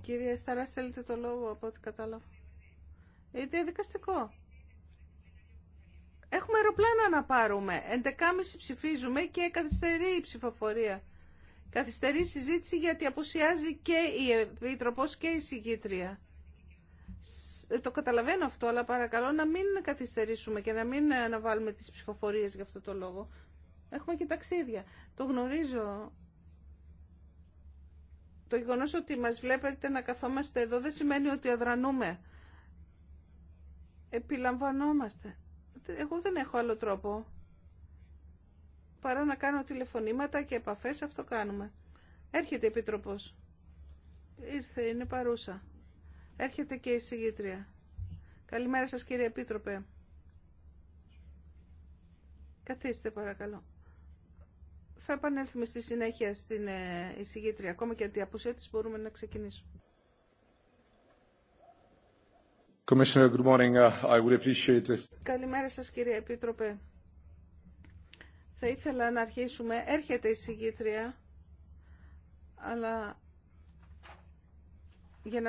Κύριε Εσταράς, θέλετε το λόγο από ό,τι κατάλαβα. Είναι διαδικαστικό. Έχουμε αεροπλάνα να πάρουμε. 11.30 ψηφίζουμε και καθυστερεί η ψηφοφορία. Καθυστερεί η συζήτηση γιατί απουσιάζει και η Επίτροπος και η Συγκήτρια. Ε, το καταλαβαίνω αυτό, αλλά παρακαλώ να μην καθυστερήσουμε και να μην αναβάλουμε τις ψηφοφορίες για αυτό το λόγο. Έχουμε και ταξίδια. Το γνωρίζω το γεγονός ότι μας βλέπετε να καθόμαστε εδώ δεν σημαίνει ότι αδρανούμε. Επιλαμβανόμαστε. Εγώ δεν έχω άλλο τρόπο παρά να κάνω τηλεφωνήματα και επαφές, αυτό κάνουμε. Έρχεται η Επίτροπος. Ήρθε, είναι παρούσα. Έρχεται και η συγγήτρια. Καλημέρα σας κύριε Επίτροπε. Καθίστε παρακαλώ. Θα επανέλθουμε στη συνέχεια στην ε, εισηγήτρια. Ακόμα και από μπορούμε να ξεκινήσουμε. Commissioner, good morning. Uh, I would appreciate Καλημέρα σας κύριε Επίτροπε. Θα ήθελα να αρχίσουμε. Έρχεται η συγκήτρια, αλλά